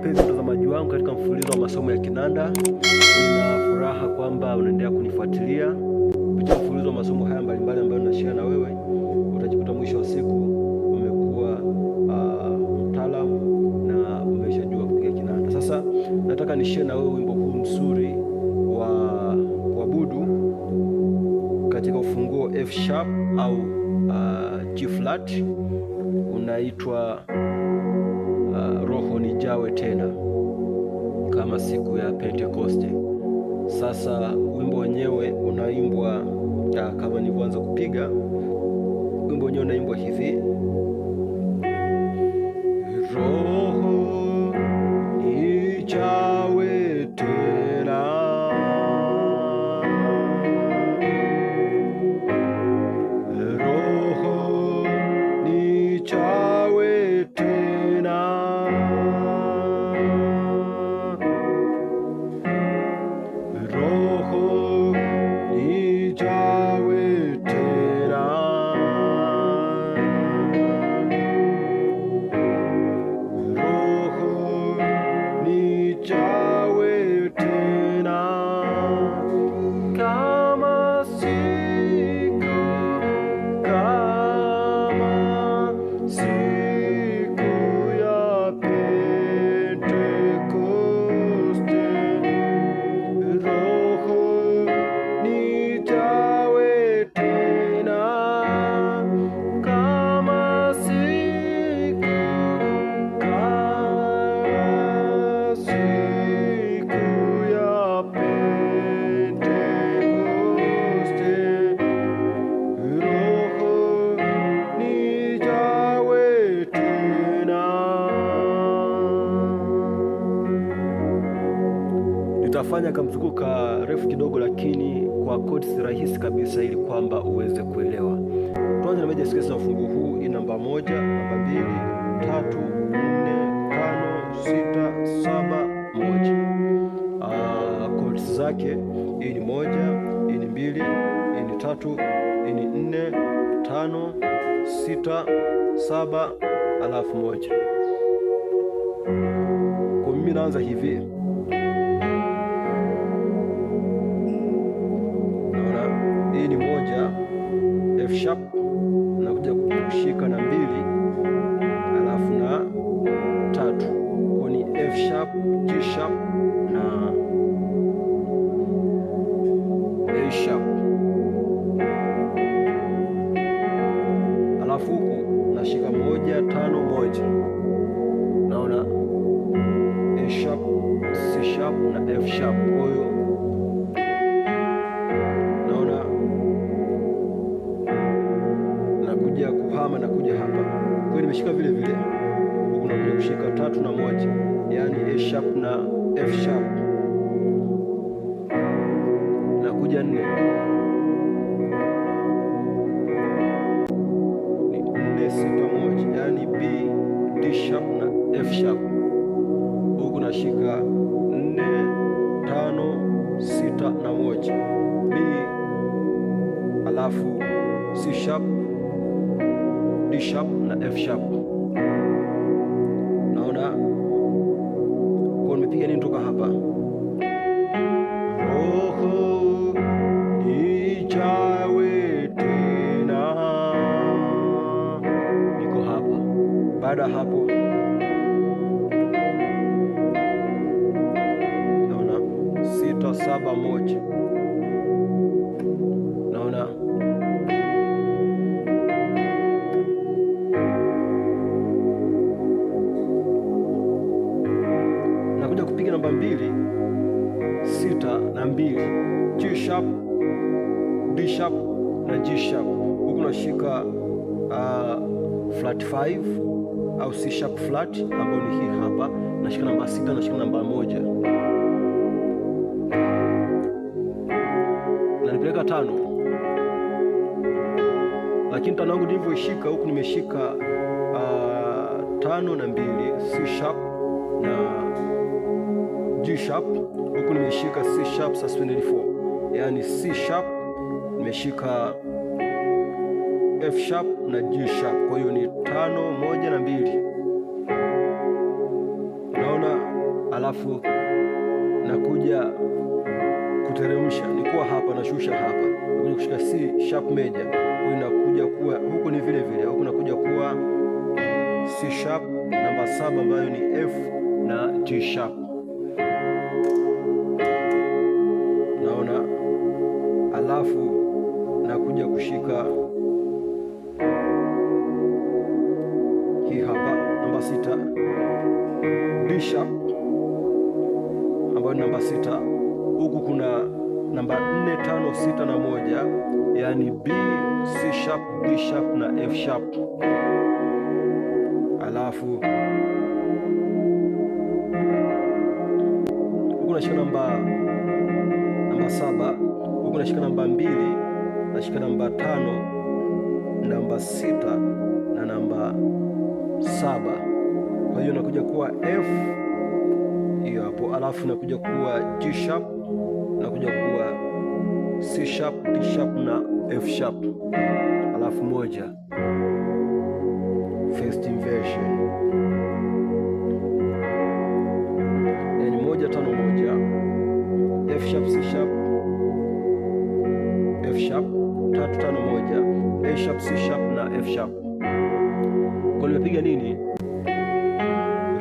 mpenzi mtazamaji wangu katika mfululizo wa masomo ya kinanda, nina furaha kwamba unaendelea kunifuatilia kupitia mfululizo wa masomo haya mbalimbali ambayo nashia na wewe. Utajikuta mwisho wa siku umekuwa uh, mtaalamu na umeshajua kupiga kinanda. Sasa nataka nishia na wewe wimbo huu mzuri wa kuabudu katika ufunguo F sharp au uh, G flat unaitwa uh, roho ujawe tena kama siku ya Pentekoste. Sasa wimbo wenyewe unaimbwa ah, kama nilivyoanza kupiga, wimbo wenyewe unaimbwa hivi. Nitafanya kamzunguko refu kidogo, lakini kwa codes rahisi kabisa, ili kwamba uweze kuelewa. Tuanze na meja skesi za ufungu huu. Hii namba moja, namba mbili, tatu, nne, tano, sita, saba, moja. Ah, zake hii ni moja, hii ni mbili, hii ni tatu, hii ni nne, tano, sita, saba, alafu moja. Kwa mimi naanza hivi She Shikanam. hapa. Roho ijawe tena, niko hapa. Baada hapo na G sharp, huku nashika uh, ah, flat 5 au C sharp flat ambayo ni hii hapa, nashika namba sita, nashika namba moja na nipeleka tano, lakini tano yangu nilivyoishika huku nimeshika uh, tano na mbili C sharp na G sharp, huku nimeshika C sharp suspended 4, yani C sharp nimeshika F sharp na G sharp, kwa hiyo ni tano moja na mbili, naona Alafu nakuja kuteremsha, nikuwa hapa nashusha hapa, nakuja kushika C sharp major, kwa hiyo nakuja kuwa huku ni vile vile, huku nakuja kuwa C sharp namba saba ambayo ni F na G sharp, naona alafu sita D sharp ambayo ni namba sita. Huku kuna namba nne, tano, sita na moja, yaani B, C sharp, D sharp na F sharp, alafu huku nashika namba namba saba, huku nashika namba mbili, nashika namba tano, namba sita na namba saba. Kwa hiyo nakuja kuwa F hiyo hapo, alafu nakuja kuwa G sharp, nakuja kuwa C sharp, D sharp na F sharp, alafu moja first inversion, yani moja tano moja, F sharp, C sharp, F sharp tatu tano moja, A sharp, C sharp na F sharp. Kwa nimepiga nini?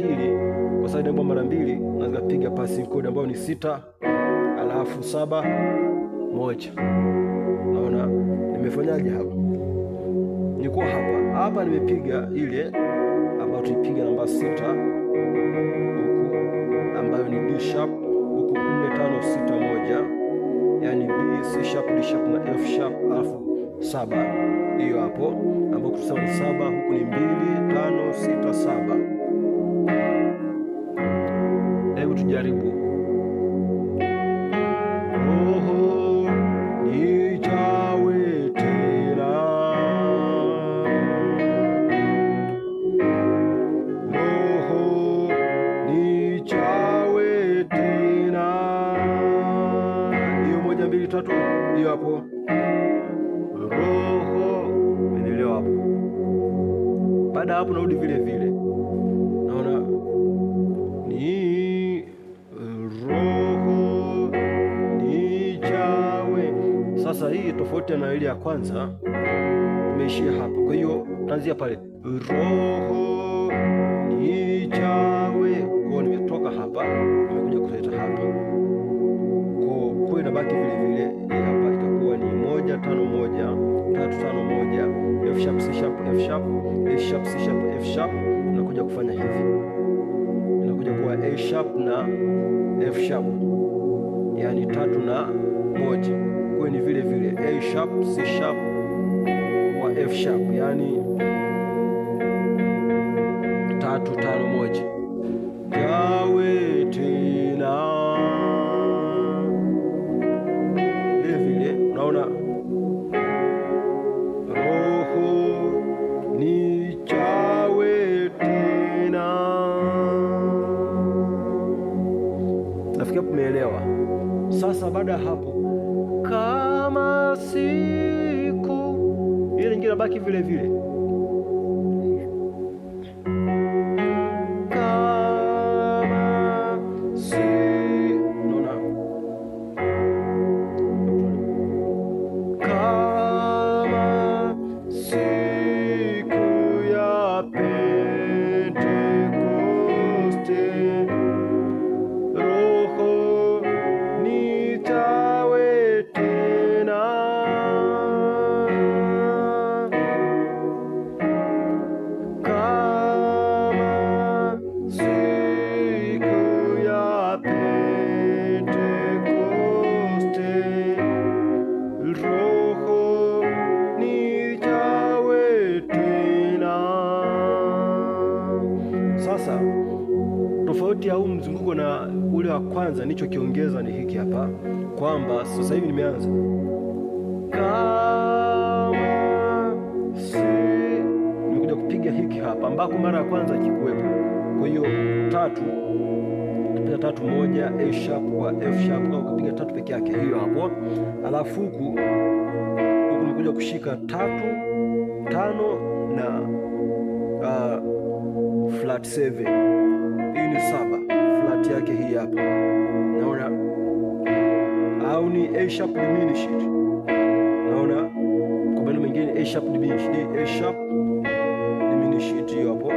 pili, kwa sababu inaibwa mara mbili, naweza kupiga passing code ambayo ni sita alafu saba moja. Naona nimefanyaje hapa? Niko hapa hapa, nimepiga ile ambayo tuipiga namba sita huku, ambayo ni D sharp huku, nne tano sita moja, yani B, C sharp, D sharp na F sharp, alafu saba hiyo hapo, ambayo kusema ni saba huku ni mbili tano sita saba kujaribu. Roho ichawe Roho moja mbili tatu, hapo roho, hapo. Baada hapo narudi vile vile Sasa hii tofauti na ile ya kwanza, tumeishia hapa. Kwa hiyo tanzia pale roho nijawe kwa nimetoka hapa, nimekuja kuleta hapa, kwa kwa inabaki vile vile. hapa itakuwa ni moja tano moja tatu tano moja F sharp C sharp F sharp A sharp C sharp F sharp, nakuja kufanya hivi, nakuja kuwa A sharp na F sharp, yani tatu na moja ikuwe ni vile vile A sharp, C sharp wa F sharp, yaani tatu tano moja. Yawe tena vile vile, unaona roho ni chawe tena. Nafikia tumeelewa. Sasa baada ya hapo qui wabaki vile vile. huu mzunguko na ule wa kwanza, nilichokiongeza ni hiki hapa kwamba sasa hivi nimeanza kama si, nimekuja kupiga hiki hapa ambako mara ya kwanza kikuwepo. Kwa hiyo tatu kupiga tatu moja, A sharp kwa F sharp, au kupiga tatu peke yake hiyo hapo, alafu huku huku nimekuja kushika tatu tano na uh, flat 7 hii ni saba kazi yake hii hapa, naona au ni A sharp diminished naona kwa maneno mengine A sharp diminished, A sharp diminished hiyo hapo,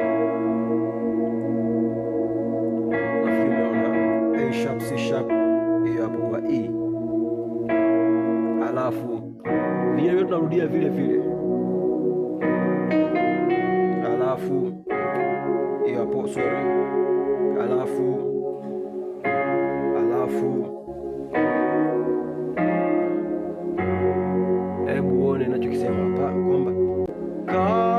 nafikiri naona A sharp C sharp hiyo hapo kwa E, alafu vile tunarudia vile vile, alafu hiyo hapo sorry, alafu halafu hebu uone nachokisema hapa kwamba